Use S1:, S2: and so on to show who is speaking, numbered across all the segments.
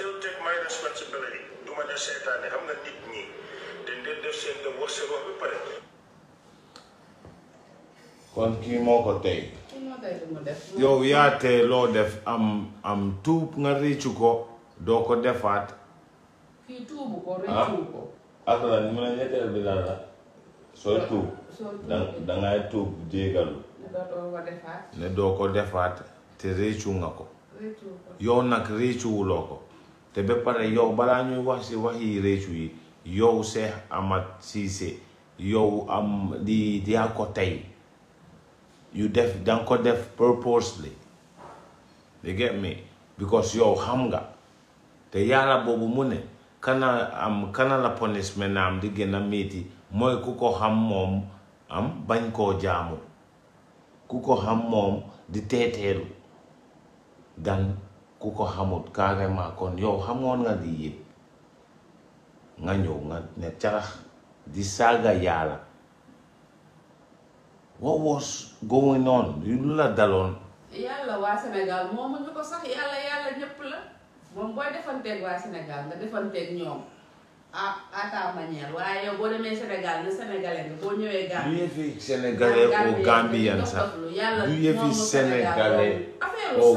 S1: still take my kon kii moo ko tey yow yaa tey loo def am tuub nga réccu ko doo ko defaat
S2: kii tuubu ko ah?
S1: réccu ne sooy tuub dangay tuub jéegalu ne doo ko defaat te réccu nga ko yow nag réccuwuloo ko te ba pare yow balaa ñuy wax si waxi réccu yi yow Cheikh amat Cissé yow am di yaa ko tey yu def danga ko def purposely you get me because yow xam nga te yàlla boobu mu ne kana am kana la punishment am di gën a métti mooy ku ko xam moom am bañ koo jaamu ku ko xam moom di teeteelu dan ku ko xamut carrément kon yow xamoon nga lii yëpp nga ñëw nga ne di saaga yàlla what was going lu la daloon
S2: yàlla waa Sénégal moomu ñu ko sax yàlla yàlla ñëpp la moom booy defanteeg waa Sénégal nga defanteeg ñoom ah à ta manière waaye yow boo demee Sénégal ne Sénégalais nga boo ñëwee Gambie. du yëfi
S1: Sénégalais au Gambien sax du yëfi Sénégalais au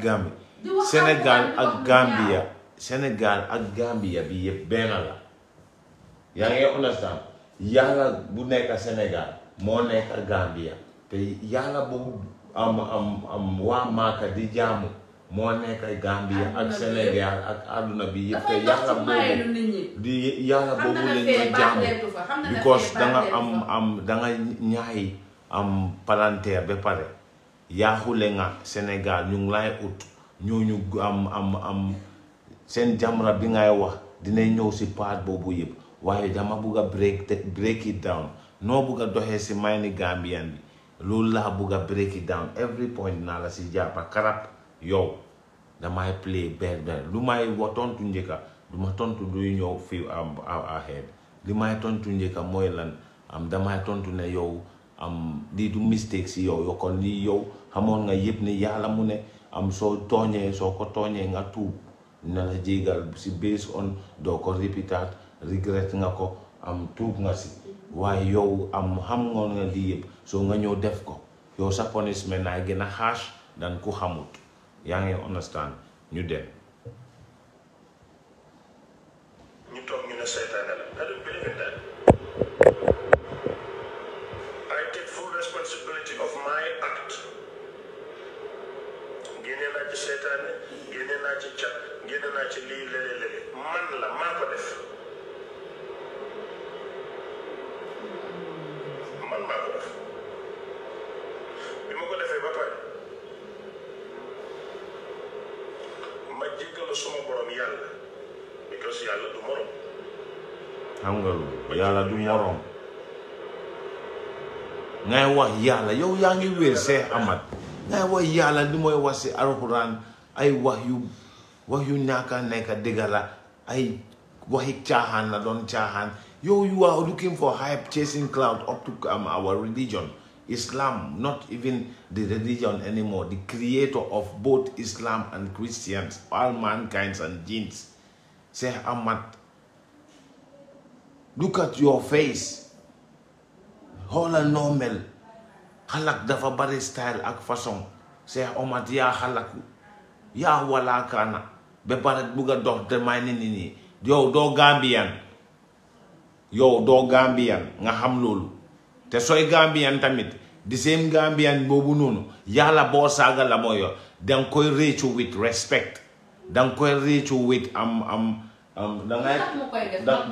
S1: Gambie. Sénégal ak Gambia Sénégal ak Gambia bi yëpp benn la yaa ngi understand yàlla bu nekk Sénégal moo nekk Gambia te yàlla boobu am am waa Maaka di jaamu moo nekk Gambia ak Sénégal ak àdduna bi yëpp te yàlla boobu di yàlla boobu la ñuy jaamu
S2: because da am
S1: am ñaay am palanteer ba pare yaaxule nga Sénégal ñu ngi lay ut ñooñu am am am seen jamono bi ngay wax dina ñëw si part boobu yëpp waaye dama bugg a break te break it down noo bugg a doxee si may ni Gambian loolu laa bugg a break it down every point naa la si jàppa karab yow damay play ber ber lu may wax tontu njëkka du ma tontu duy ñëw fii am um, uh, ahead li may tontu njëkka mooy lan am damay tontu ne yow am lii du mistake si yow yow lii yow xamoon nga yëpp ne yàlla mu ne am soo tooñee soo ko tooñee nga tuub na la jégal si based on doo ko répétaat regret nga ko am tuub nga si waaye yow am xam ngoon nga lii yëpp soo nga ñëw def ko yow sa punishment naa gën a harsh dan ku xamut yaa ngi understand ñu dem ngay wa yala yo yaa we se see amat ngay wax yàlla li mooy wax si alxuraan ay wax yu wax yu ñàkk a nekk dëgg la ay waxi caaxaan la doon caaxaan yo you are looking for hype chasing cloud up to um, our religion Islam not even the religion anymore the creator of both Islam and Christians all mankind and jinns say Ahmad look at your face hola normal, halak xalak dafa bari style ak façon Cheikh Omar ya ya ya wala kana be bugg buga dox de may ni ni yow do Gambian yo do Gambian nga xam lolou te soy Gambian tamit di same Gambian boobu ya yàlla bo saga la moyo dang koy réccu with respect dang koy réccu with am am dangay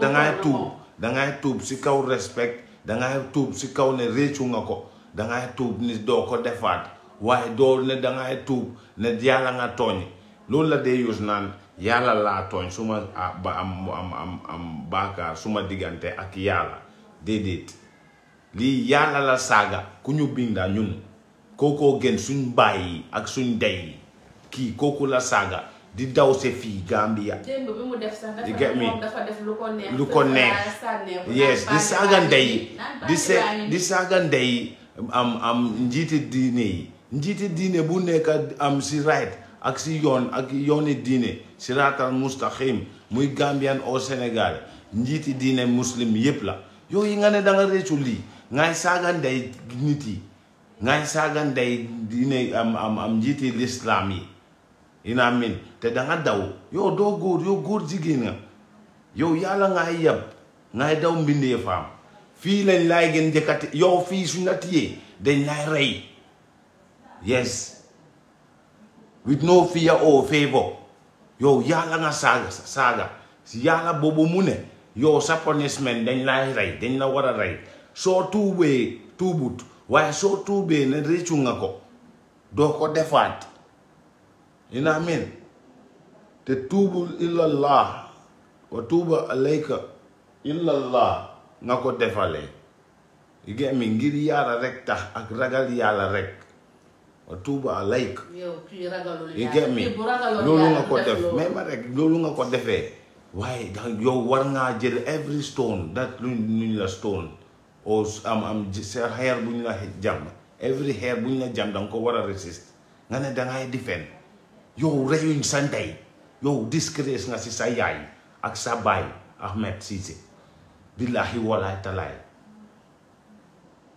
S2: dangay tu
S1: dangay tu ci kaw respect dangay tuub si kaw ne réccu nga ko dangay tuub ni doo ko defaat waaye doo ne dangay tuub ne yàlla nga tooñ loolu la dee use naan yàlla laa tooñ suma ma ah, am am am am baakaar su diggante ak yàlla déedéet lii yàlla la saaga ku ñu binda ñun kookoo gën suñ baay yi ak suñ dey yi kii kooku la saaga di daw se fii Gambia.
S2: démb bi mu lu ko neex. yes di saaga ndey di se di
S1: saaga ndey am am diine yi njiiti diine bu nekk am si right ak si yoon ak yooni diine si raatal mustaxim muy Gambian au Sénégal njiiti diine muslim yépp la yooyu nga ne da nga réccu lii ngay saaga ndey nit yi ngay saaga ndey diine am am am njiiti lislaam yi you min te da daw yow doo góor yow góor jigéen nga yow yàlla nga yab ngaay daw mbindee faam fii lañ laay gën njëkkati yow fii suñ la tiyee dañ laay rey yes with no fear or favor yow yàlla nga saaga si yàlla boobu mu ne yow sa punishment dañ laay rey dañ la war a rey soo tuubee tuubut waaye soo tuubee ne réccu nga ko doo ko defaat you know what te tuubu illallah wa tuuba alayka illallah nga ko defalee you get ngir yàlla rek tax ak ragal yàlla rek wa tuuba alayka
S2: you get me loolu nga ko def mais ma
S1: rek loolu nga ko defee waaye yow war ngaa jël every stone that luñ luñ la stone o am am sa xeer bu ñu la jàmm every xeer bu ñu la jàmm danga ko war a resist nga ne dangay defend yow reyuñ sa ndey yow disgrace nga si sa yaay ak sa baay Ahmed Ceesay billahi walaay talaay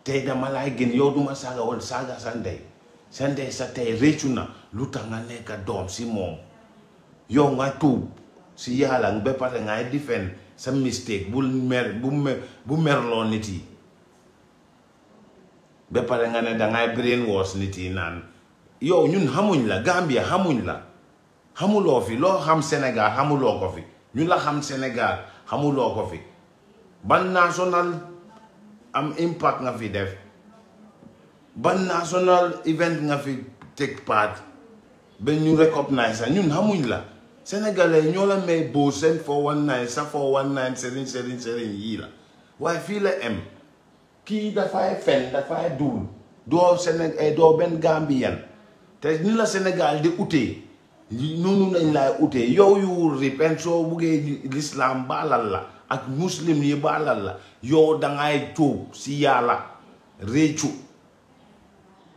S1: tey dama lay gën yow duma saaga woon saaga sa ndey sa ndey sa tey réccu na lu tax nga nekk doom si moom yow nga tuub si yàlla ba pare ngay defend sa mistake bu mer bu merloo nit yi ba pare nga ne dangay brainwash nit yi naan yow ñun xamuñ la Gambia xamuñ la xamuloo fi loo xam Sénégal xamuloo ko fi ñu la xam Sénégal xamuloo ko fi ban national am impact nga fi def ban national event nga fi take part ba ñu recognize sa ñun xamuñ la sénégalais ñoo la may boo seen 419 sa 419 sëriñ sëriñ sëriñ yii la waaye fii la em kii dafay fen dafay duul doo Sénégal eh, doo benn Gambien te ni la Sénégal di utee noonu nañ laay utee yow yu wur ripen soo buggee lislaam baalal la ak muslim yi baalal la yow dangay tuub si yàlla réccu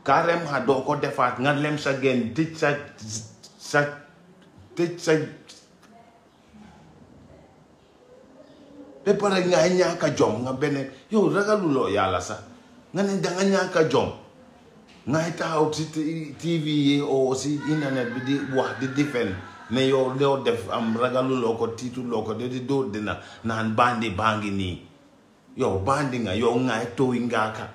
S1: kaarem xa doo ko defaat nga lem sa gen tëj sa sa tëj sa ñàkk a jom nga beneen yow ragaluloo yàlla sax nga ne danga ñàkk jom ngay taxaw si TV yi see internet bi di wax di defend ne yow loo def am ragalu loko titu ko de di dóor dina naan bandi baa ngi nii yow bandi nga yow ngaay tooy ngaa ka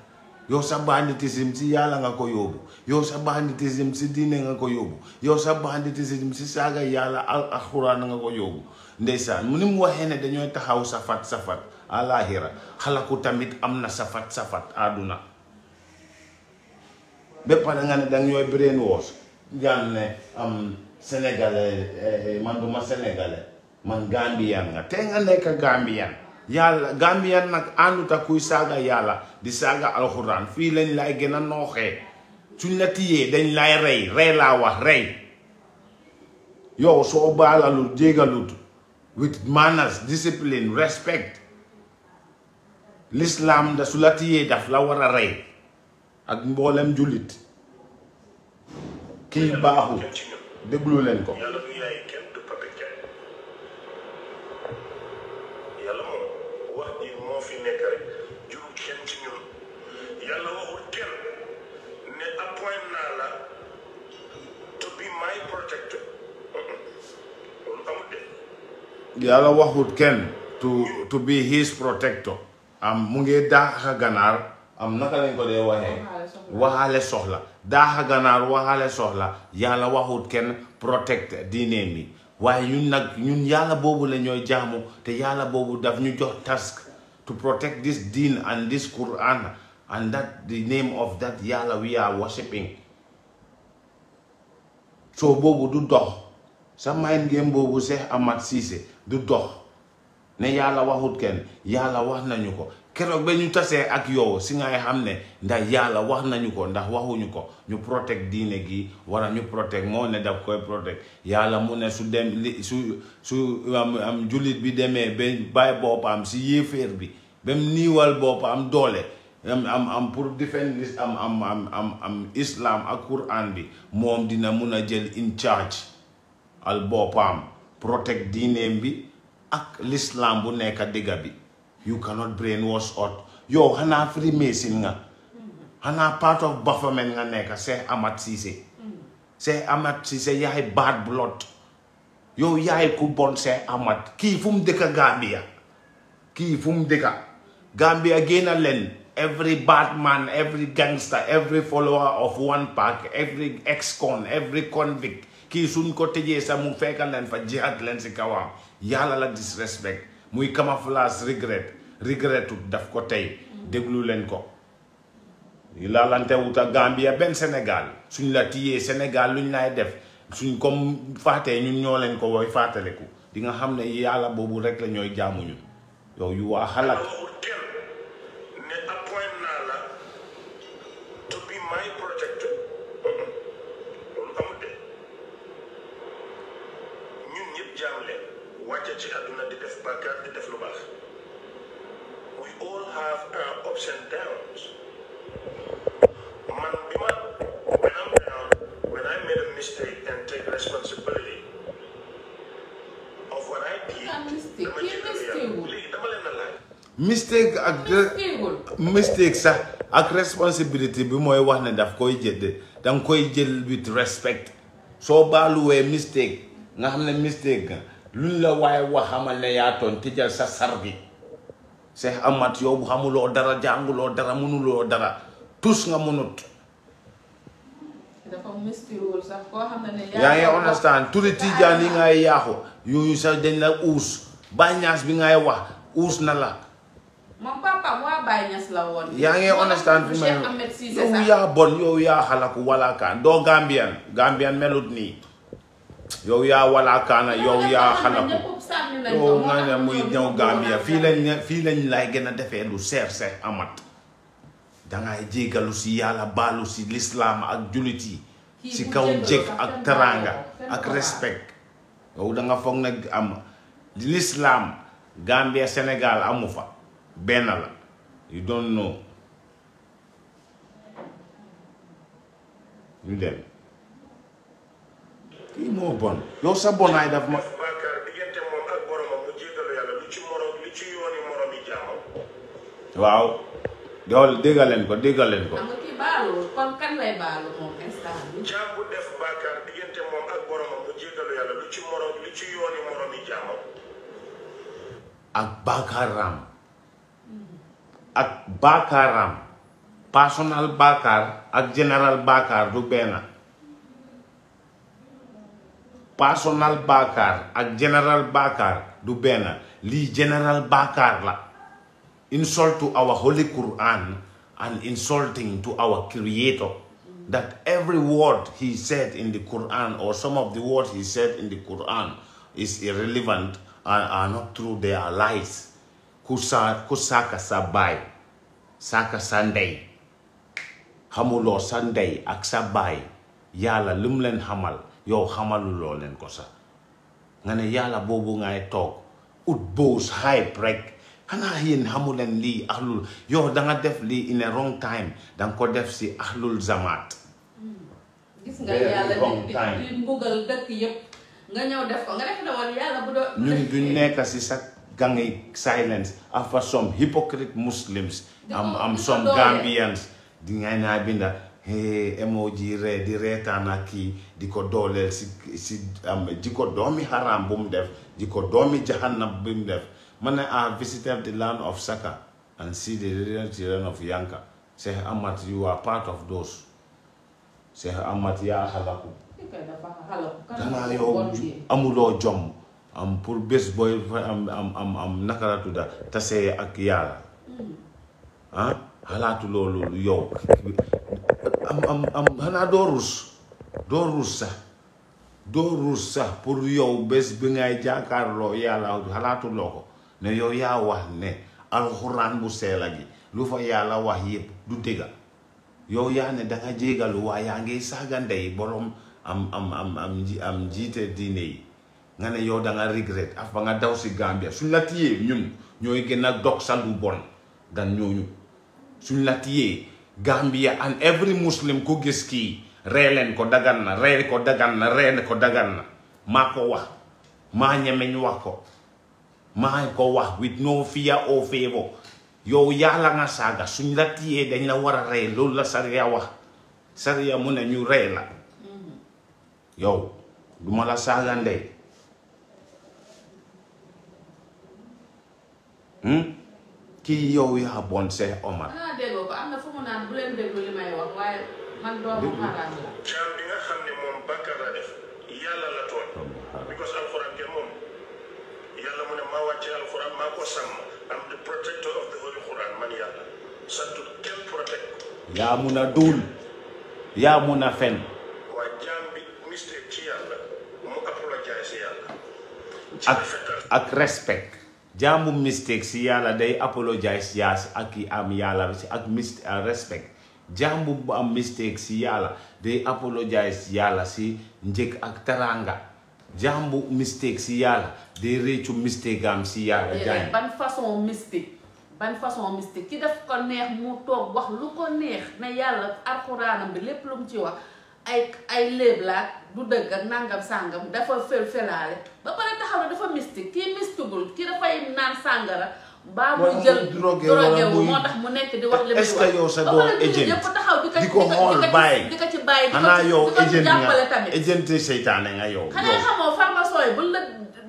S1: yow sa banditism si yàlla nga ko yóbbu yow sa banditism si diine nga ko yóbbu yow sa banditism si saaga yàlla alxuraan nga ko yóbbu ndeysaan mu ni mu waxee ne taxaw safat safat alaaxira xalaku tamit am na safat safat aduna ba pare nga ne da ñooy brainwash jaan ne am eh, eh, man duma sénégalais man gambien nga te nga nekk gambien yàlla gambien nag àndut ak kuy saaga yàlla di saaga alxuraan fii lañ lay gën a nooxee suñ la tiyee dañ lay rey rey laa wax rey yow soo baalalut jégalut with manners discipline respect l'islam da su la tiyee daf la war a rey ak mboolem jullit kii baaxul déglu leen ko. yàlla waxut kenn to to be his protector am mu ngi daax ganaar am naka lañ ko dee waxee waxaale soxla daaxa ganaar waxaale soxla yàlla waxut kenn protect diine mi waaye ñun nag ñun yàlla boobu la ñooy jaamu te yàlla boobu daf ñu jox task to protect this deen and this Quran and that the name of that yàlla we are worshipping soo boobu du dox sa mayin ngeen boobu Seex Amat Siise du dox ne yàlla waxut kenn yàlla wax nañu ko keroog ba ñu tasee ak yow si ngay xam ne ndax yàlla wax nañu ko ndax waxuñu ko ñu protect diine gi wala ñu protect moo ne daf koy protect yàlla mu ne su dem li su su am am jullit bi demee ba bàyyi boppam si yéeféer bi ba mu niiwal boppam doole am am am pour defend am am am am am islam ak quran bi moom dina mun a jël in charge al boppam protect diineem bi ak l'islam bu nekk digga bi You cannot brainwash out. Yo, hana Freemason nga. Hana part of Bufferman nga neka. Say Amat Sise. Say Amat Sise yahe bad blood. Yo yahe kubon say Amat. Ki fum deka Gambia. Ki fum deka. Gambia gena len. Every bad man, every gangster, every follower of one pack, every ex-con, every convict. Ki sun ko teje sa mu feka len fa jihad len si Yala la disrespect. muy camouflage regret regrettu daf ko tey déglu leen ko laalante wuta Gambia benn Sénégal suñ la tiyee Sénégal luñ lay def suñ comme faatee ñun ñoo leen ko woy faataleku di nga xam ne yàlla boobu rek la ñooy jaamu ñun yow yu waa wàcce ci àdduna def bàkkaar di
S2: we all have our ups and downs man man, when i am down when I made a mistake and take responsibility of what I did dama ci a
S1: laaj mistake ak mistake sax ak responsibility bi mooy wax ne daf koy jël danga koy jël with respect So soo we mistake nga xam mistake luñ la waaye waxamal ne yaa tooñ tëjal sa bi Cheikh Amath xamuloo dara jànguloo dara mënuloo dara tus nga mënut.
S2: ne. yaa ngi understand
S1: yi ngay yaaxu yooyu sax dañ la uus bàññaas bi ngay wax uus na la.
S2: moom papaam waa bàññaas la woon. yaa ngi understand yow
S1: yaa bon yow yaa xalaku kaan doo Gambian Gambian melut nii. yow yaa walaakaana yow yaa xalaku yow nga ne muy ñëw Gambia fii lañ ne lay gën a defee lu seer seer amat dangay jégalu si yàlla baalu si lislaam ak jullit yi si kaw njëkk ak teraanga ak respect yow danga foog nag am lislaam Gambia Sénégal amu fa benn la you don't know kii moo bon yow sa bonaay daf ma bàkkaar diggante moom ak boromam mu jéggalu yàlla lu ci morom lu ci yooni morom yi jaamam waaw yow déggal ko déggal leen bi
S2: jaam bu moom ak boromam mu jéggalu yàlla lu ci morom
S1: lu ci yooni morom yi ak bàkkaaram ak bàkkaaram personal bàkkaar ak général bàkkaar du benn personal Bakar, ak général Bakar, du benn Li général Bakar la insult to our holy Quran and insulting to our creator that every word he said in the Quran or some of the words he said in the Quran is irrelevant and are not true they are lies kusaka sabai ku sunday sa sunday saaka sa ndey xamuloo ak yow xamaluloo leen ko sax nga ne yàlla boobu ngay toog ut boos hype rek xanaa yéen xamuleen lii ahlul yow danga def lii in a wrong time danga ko def si ahlul zamaat
S2: hmm. gis nga yàlla di mbugal dëkk yépp nga
S1: duñ nekk si sax gangi silence after some hypocrite muslims am am some gambians di ngay naa binda he emoji re di reetaan ak kii di ko dooleel si si am di ko doomi haram bu def di ko doomi jahannam bu def man ne I visited the land of Saka and see the children of Yanka Say, Amat you are part of those Say, Amat yaa halaku.
S2: dangaa yow
S1: amuloo jom am pour bés booy am am am am naka la tudda tasee ak yàlla mm-hmm. ah xalaatu loolu yow am am xanaa doo ruus doo ruus sax doo ruus sax pour yow bés bi ngay jàkkaarloo yàlla xalaatuloo ko ne yow yaa wax ne alxuraan bu seela gi lu fa yàlla wax yëpp du dëgga yow yaa ne danga jégalu waa yaa ngi saaga ndey borom am am am am am jiite diine yi nga ne yow da nga regret af ba nga daw si Gambia suñ la ñun ñooy gën a dog sa lu bon dan ñooñu suñ la téyee Gambia and every muslim ku gis kii ree leen ko dagal na ree ko dagal na ree ko dagan na maa ko wax maa ñemeñ wax ko maa ko wax with no fear or favor yow yàlla nga saaga suñ la téyee dañ la war a rey loolu la sariya wax sariya mu ne ñu rey la yow duma la saaga ndey hmm? kii yow yaa bon Cheikh Omar.
S2: ah déggoo ko am na fu mu naan bu leen déglu li may wax waaye man doomu xaraam la. jaam bi nga xam ne moom def yàlla la tooñ. because alxuraan kenn moom
S1: yàlla mu ne maa wàcce alxuraan maa ko am the protector of the holy Quran man yàlla santul kenn protect ko. yaa mun a duul yaa mun a fen. waa jaam bi mistake ci yàlla mu apologize si ak ak respect. jàmbu mistake si yàlla day apologize yaa ak yi am yàlla si ak mist uh, jàmbu bu am mistake si yàlla day apologize yàlla si njëkk ak taranga jàmbu mistake si yàlla day réccu mistake am si yàlla jaay eh,
S2: ban façon mistake ban façon mistake ki def ko neex mu toog wax lu ko neex ne yàlla alxuraanam bi lépp lu ci wax ay ay léeblaat du dëgg ak nangam sàngam dafa fel felaale ba pare taxaw na dafa mystique kii mystigul kii dafay naan sàngara baa muy jël drogué wu moo tax mu nekk di wax li muy wax est-ce que yow sa doon agent yëpp taxaw di ko di ko xool bàyyi di ko ci bàyyi di ko ci jàppale tamit
S1: agent seytaane nga yow xanaa
S2: xamoo pharmacien yi bu la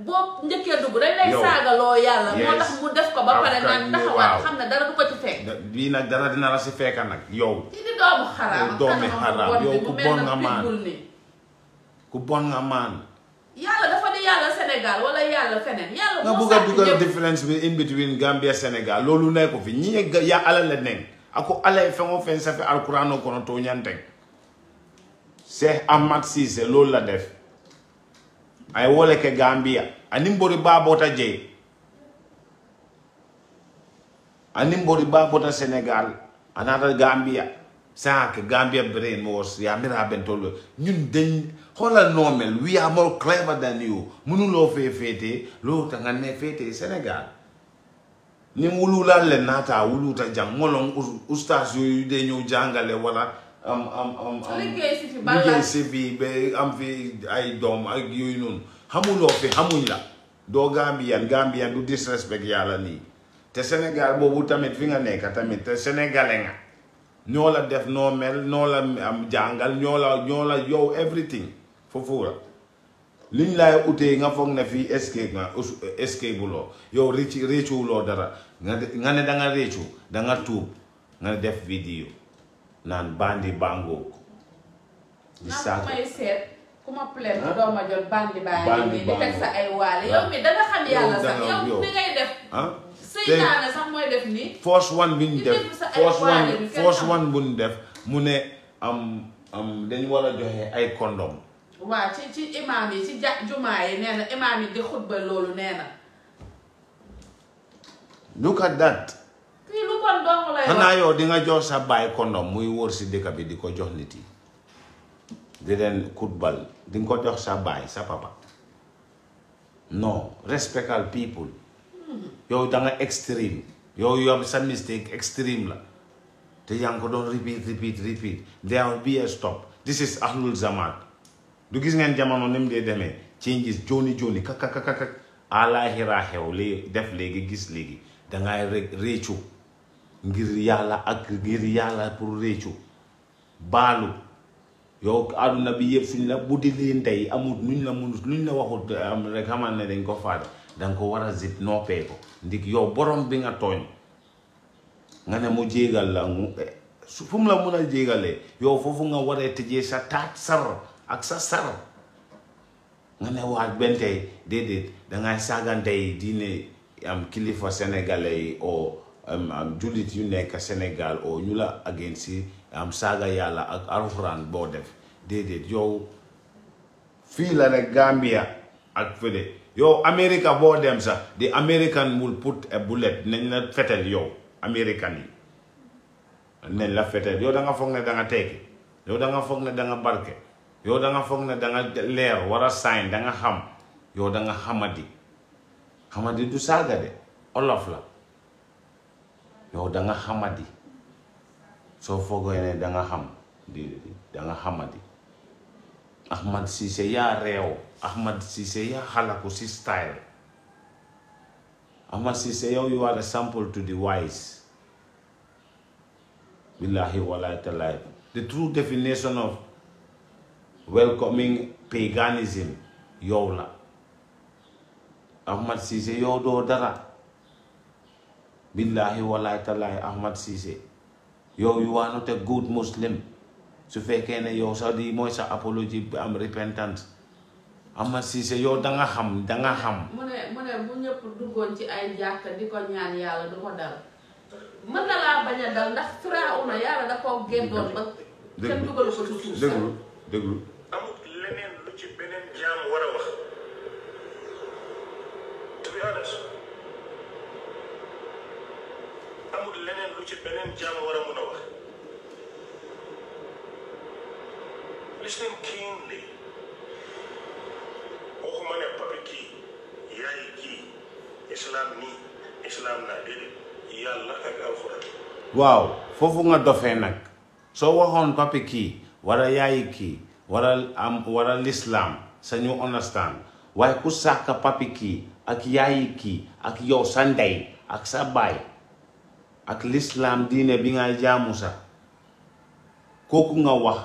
S2: boo njëkkee dugg dañ lay saagaloo yàlla moo tax mu def ko ba pare naan taxawaat xam ne dara du ko ci fekk
S1: bii nag dara dina la si fekka nag yow
S2: ci di doomu xaraam doomi xaraam yow ku bon nga maan
S1: ku bon nga maan
S2: yàlla dafa di yàlla Sénégal wala a dugal
S1: différence bi in between Gambia Sénégal loolu nekku fi ñi ya ala la nekk ako ala e feŋo loolu la def ay wole ke gambia anin bori babota je anim bori babota senegal anata gambia saa gambia brain was ya mira ben tolo ñun deñ xoolal noo mel we are more clever than you mënuloo fee féetee loo ta nga ne féetee sénégal ni wululal le nata wuluta jang molon ustaas yooyu de ñëw jangale wala am am am si bi ba am fi ay doom ak yooyu noonu xamuloo fi xamuñ la doo Gambien Gambien du disrespect yàlla nii te Sénégal boobu tamit fi nga nekk tamit te sénégalais nga ñoo la def noo mel ñoo la am jàngal ñoo la ñoo la yow everything foofu la liñ laay utee nga foog ne fii escape nga escape bu loo yow réccu réccuwuloo dara nga ne da nga réccu da nga tuub def vidéo naan bandi bàngoo di sànq may
S2: seet ku ma plainte doo ma jot bandi bàngi di teg sa ay waale yow mi danga xam yàlla sax yow mi ngay def seytaane sax mooy def nii
S1: force one bi ñu def force one force one bu ñu def mu ne am am dañ war a joxe ay kondom
S2: waaw ci ci imaam yi ci ja jumaa yi nee na imaam yi di xutba loolu nee na
S1: look at that
S2: bon dong lay
S1: yow di jox sa baay kondom muy wóor si dëkk bi di ko jox nit yi di leen kutbal di ko jox sa baay sa papa non respectal people yow da nga extreme yow yow sa mistake extreme la te yaa ngi ko doon repeat repeat repeat there will be stop this is ahlul zaman du gis ngeen jamono ni mu dee demee changes jooni jooni kakakakakak àlaxira xew li def léegi gis léegi dangay réccu ngir yàlla ak ngir yàlla pour réccu baalu yow àdduna bi yëpp suñ la bu di lii ndey amut nuñ la munut nuñ la waxut rek xamal ne dañ ko faale danga ko war a zit noppee ko ndik yow borom bi nga tooñ nga ne mu jéegal la mu eh, fu mu la mun a jéegalee yow foofu nga waree tëjee sa taat sar ak sa sar nga ne waat benn tey déedéet dangay sàggante yi diine am kilifa sénégalais yi oo oh, am jullit yu nekk senegal oo ñu la agén si am saaga yàlla ak alxuraan boo def déedéet yow fii la ne Gambia ak fële yow America boo dem sax di American will put a eh, bullet nañ la fetel yow American yi nañ la fetel yow da foog ne da nga yow da foog ne da nga barke yow da foog ne da nga leer war a sign xam yow danga xamadi xamadi du saaga de olof la yow da nga xamadi so fogo ne da nga xam di da nga xamadi Ahmad cisse ya rew Ahmad cisse ya xalaku si style Ahmad cisse yow you are a sample to the wise billahi wala tallahi the true definition of welcoming paganism yow la Ahmad cisse yow do dara billahi wallahi talay Ahmad cisse yow you are not a good Muslim su fekke ne yow sa di moy sa apology bi am repentance Ahmad cisse yow da nga xam da nga xam.
S2: mune mune bu ñepp duggon ci ay jàkka diko ñaan yalla du dal man la baña dal ndax Firawna yalla da ko génnoon ba. kenn duggal ko
S1: su su deglu deglu amut leneen lu ci benen jaam wara wax. to be honest. waaw foofu nga dofee nag soo waxoon papi kii wala yaayi kii wala am lislaam sañu ñu understand waaye ku sàkk papi kii ak yaayi kii ak yow sa ndey ak sa baay ak lislaam diine bi ngay jaamu sax kooku nga wax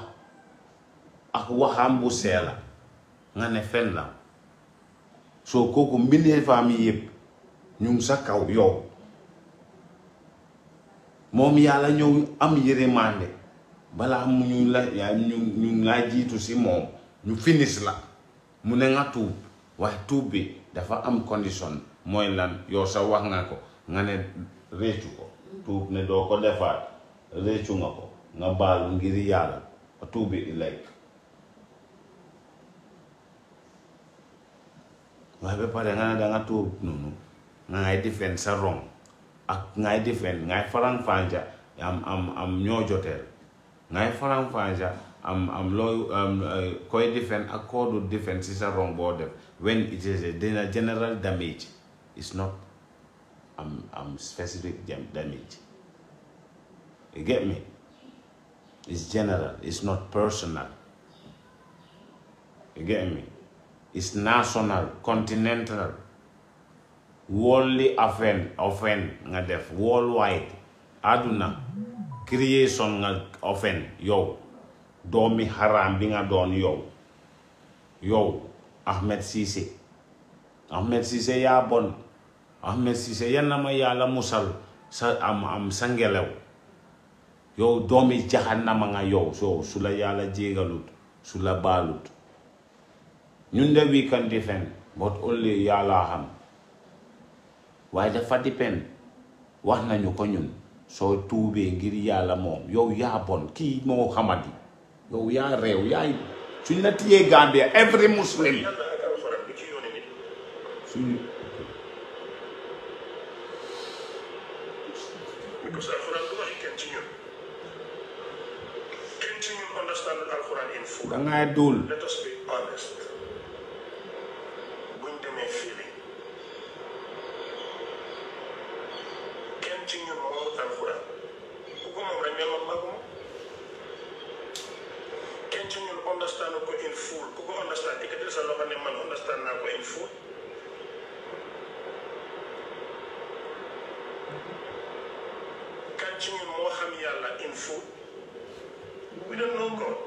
S1: ak waxam bu seela nga ne fen la soo kooku mbindeefaam yi yëpp ñu ngi sa kaw yow moom yàlla ñëw am yërmande balaa mu ñu la ñu ñu nga jiitu si moom ñu finis la mu ne nga tuub waaye tuub bi dafa am condition mooy la yow sa wax nga ko nga ne réccu ko tuub ne doo ko defaat réccu nga ko nga baal ngir yàlla a tuubi ilayk waaye ba pare nga ne danga tuub noonu nga ngay defend sa wrong ak ngay defend ngay faramfàcce am am am ñoo joteel ngay faramfàcce am am looy koy defend ak koo du defend si sa wrong boo def when it is a general damage it's not I'm, I'm specific damage. You get me? It's general. It's not personal. You get me? It's national, continental, worldly offend, offend nga def worldwide. Aduna creation nga offend yo. do haram bi nga don yo. Yo, Ahmed Cissé. Ahmed Cissé ya bon. Ahmed Cissé yan na ma yàlla musal sa am am sa ngelaw yow doomi jaxanama nga yow su la yàlla jégalut su la baalut ñun de we can defend but only yàlla xam waaye dafa depend wax nañu ko ñun soo tuubee ngir yàlla moom yow yaa bon kii moo xamadi yow yaa réew yaay suñ la tiyee Gambia every muslim let us be honest buñ demee feeling kenn ci ñun moom alxuraan ku ko moom rek ne man maa ko moom kenn ci ñun understand ko in full ku ko understand ikkati sa loxo ne man understand naa ko in full kenn you more? moo xam yàlla in full we don't know God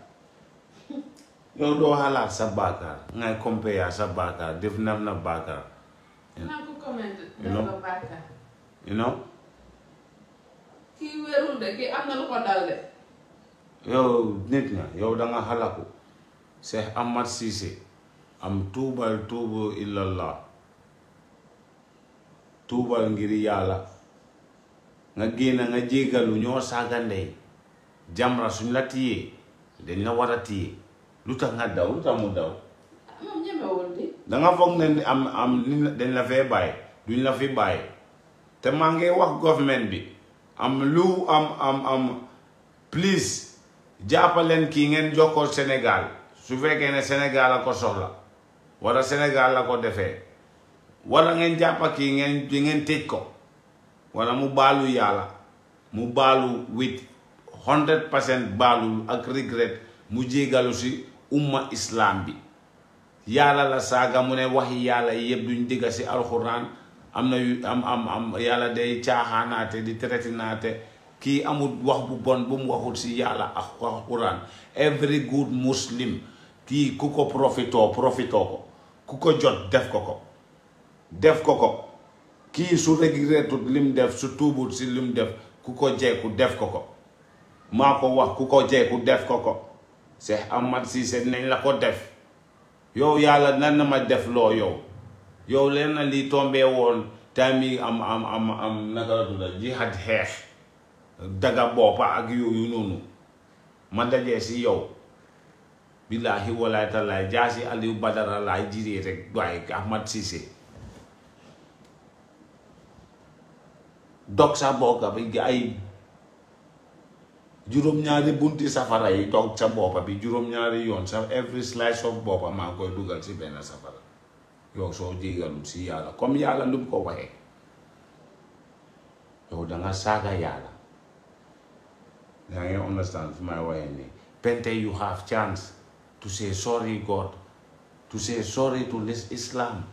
S1: yow doo xalaat sa baakaar ngay compé sa baakaar def naf na baakaar you know yow nit ña yow danga xalaku Cheikh Amad Cissé am tuubal tuubu illallah tuubal ngir yàlla nga génn nga jéggalu ñoo saaga ndey jamra suñ la tiyee dañ la war a tiyee lu tax nga daw lu tax mu daw.
S2: Ah, moom ñemewul di.
S1: da am am dañ la fee bàyyi duñ la fi bàyyi te maa ngi wax government bi am lu am am please jàppaleen kii ngeen jokkoo Sénégal su fekkee ne Sénégal la ko soxla wala Sénégal la ko defee wala ngeen jàppa kii ngeen ngeen tëj ko wala mu baalu yàlla mu baalu with hundred percent baalu ak regret mu jégalu si. umma islaam bi yàlla la saaga mu ne wax yàlla yëpp duñ digga si alxuraan am na yu am am am yàlla day caaxaanaate di teretinaate kii amul wax bu bon bu mu waxul si yàlla ak alxuraan every good muslim kii ku ko profitoo profitoo ko ku ko jot def ko ko def ko ko kii su regretut lim def su tuubut si lim def ku ko jeeku def ko ko maa ko wax ku ko jeeku def ko ko Cheikh Ahmad Cissé nañ la ko def yow yàlla nan na ma def loo yow yow leen na li tombee woon time yi am am am am naka la tudda xeex daga boppa ak yooyu noonu ma dajee si yow billaahi walaay talaay jaasi Aliou Badara laay jiree rek waaye Ahmad Cissé dog sa bokka bi ay juróom-ñaari bunti safara yi toog sa boppa bi juróom-ñaari yoon sa every slice of boppa maa koy dugal si benn safara yow soo jégalul si yàlla comme yàlla lu mu ko Yo, yow danga saaga yàlla yaa ngi understand fi may waxee nii pente you have chance to say sorry God to say sorry to this Islam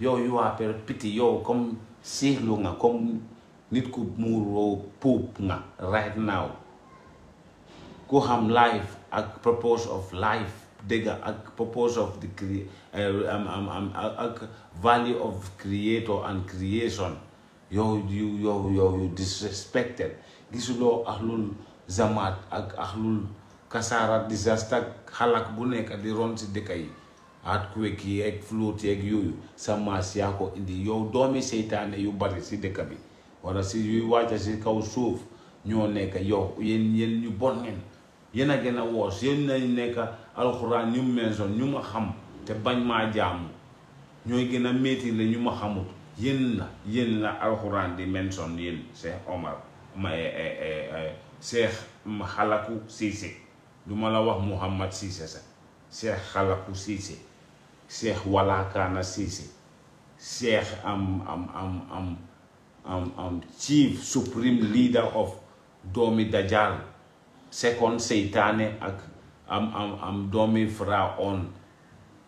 S1: Yo, you are per pity yow comme siixlu nga comme nit ku muuroo pop nga right now ku xam life ak purpose of life dégg ak purpose of the eh, ak value of creator and creation yow yu yow yow yu disrespected gisuloo ahlul zamaat ak ahlul kasaara disaster xalak bu nekk di ron si dëkk yi earthquake yi ak flood yeeg yooyu sa maas yaa ko indi yow doomi seytaane yu bari si dëkk bi wala si yuy wàcca si kaw suuf ñoo nekk yow yéen yéen ñu bon ngeen yéen a gën a woos yéen nañ nekk alxuraan ñu menson ñu ma xam te bañ maa jaamu ñooy gën a métti la ñu ma xamut yéen la yéen la alxuraan di menson yéen Cheikh Omar ma eh, eh, eh, Xalaku Cissé du la wax Mouhamad Cissé sa Cheikh Xalaku Cissé Cheikh Walakaana Cissé Cheikh am am am am am am chief supreme leader of doomi Dajjal second seytaane ak am am am doomi Firaawon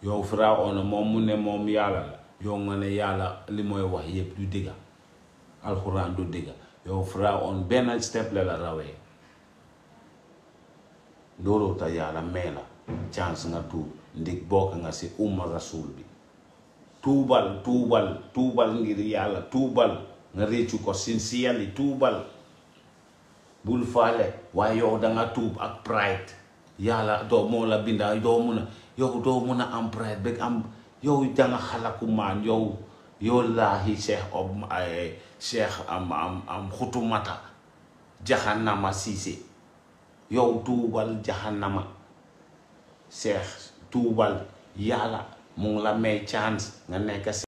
S1: yow on moom mu ne moom yalla la yow nga ne yàlla li moy wax yépp du diga alquran du dëgga yow Firaawon ben step la la rawee doro ta yalla may chance nga tu ndik bok nga si umma rasul bi tubal tubal tubal ngir yalla tubal nga reccu ko sincerely tubal bul faale waaye yow danga tuub ak pride yàlla doo moo la binda doo mun a yow doo mun a am pride bég am yow danga xalaku maan yow yow laahi cheikh am xutumata jahanama siise yow tuubal jahanama cheikh tuubal yàlla mu la may chance nga nekk